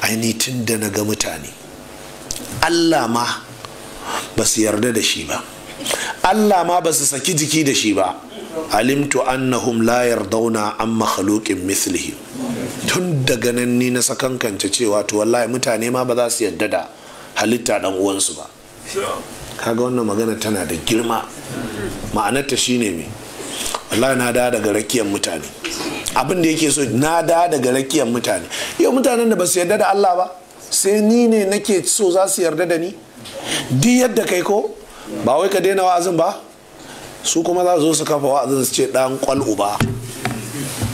aini tun da na ga mutane allah ma ba su yarda da shi ba allah ma ba su saki jiki da shi ba alimtu annahum la yardauna an makhluqin mislihi tun daga nan ni na sakankance cewa to wallahi mutane ma ba za su yarda da halitta dan uwansu ba kaga wannan magana tana da girma ma'anarta shine me wallahi na da daga rakiyar mutane abin da yake so na da daga rakiyar mutane yau mutanen da ba su yarda da Allah ba sai ni ne nake so za su yarda da ni di yadda kai ko ba wai ka daina wa'azin ba su kuma za su zo su kafa wa'azin su ce dan kwal ba,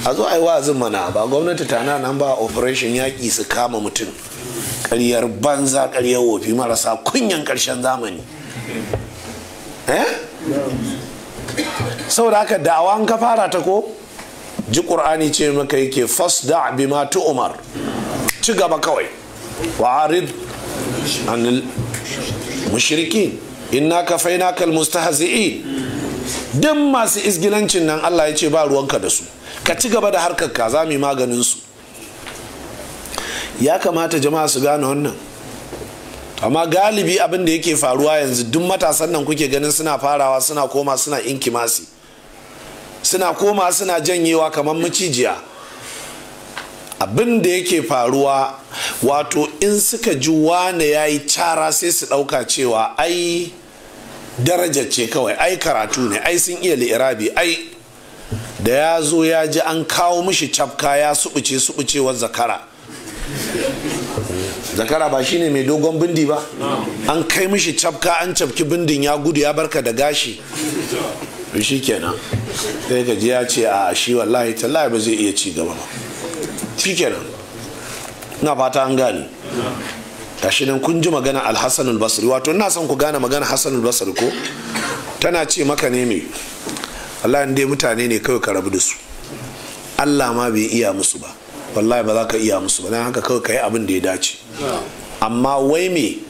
a zo ai wa'azin mana ba gwamnati tana nan ba operation yaki su kama mutum ƙaryar banza karyar wofi marasa kunyan karshen zamani eh saboda haka da'awa an ka fara ta ko ji ƙur'ani ce maka yake fasda bima umar ci gaba kawai wa'arid anil mushrikin inna kafainaka almustahzi'in duk masu izgilancin nan Allah ya ce ba ruwanka da su ka ci gaba da harkar ka za mu maganin su ya kamata jama'a su gane wannan amma galibi abinda yake faruwa yanzu duk matasan nan kuke ganin suna farawa suna koma suna inkimasi suna koma suna janyewa kamar macijiya abinda yake faruwa wato in suka ji wane ya yi cara sai su ɗauka cewa ai daraja ce kawai ai karatu ne ai sun iya li'irabi ai da ya zo ya ji an kawo mishi cafka ya suɓuce suɓucewar zakara zakara ba shine mai dogon bindi ba an kai mishi cafka an cafki bindin ya gudu ya barka da gashi to shi kenan sai ka ji ya ce a shi wallahi tallahi ba zai iya ci gaba ba shi kenan na fata an gane tashi nan kun ji magana alhassan basri wato ina son ku gane magana hassan basri ko tana ce maka ne me Allah dai mutane ne kawai ka rabu da su Allah ma bai iya musu ba wallahi ba za ka iya musu ba Na haka kawai ka yi abin da ya dace amma wai me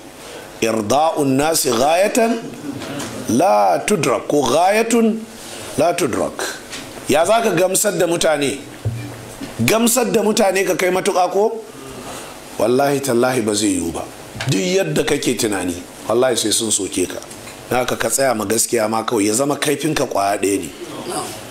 irda'un nasi ghayatan la tudrak ko ghayatun la tudrak ya za ka gamsar da mutane gamsar da mutane ka kai matuƙa ko wallahi tallahi ba zai yiwu ba duk yadda kake tunani wallahi sai sun soke ka na ka tsaya ma gaskiya ma kawai ya zama kaifinka kwaya ɗaya ne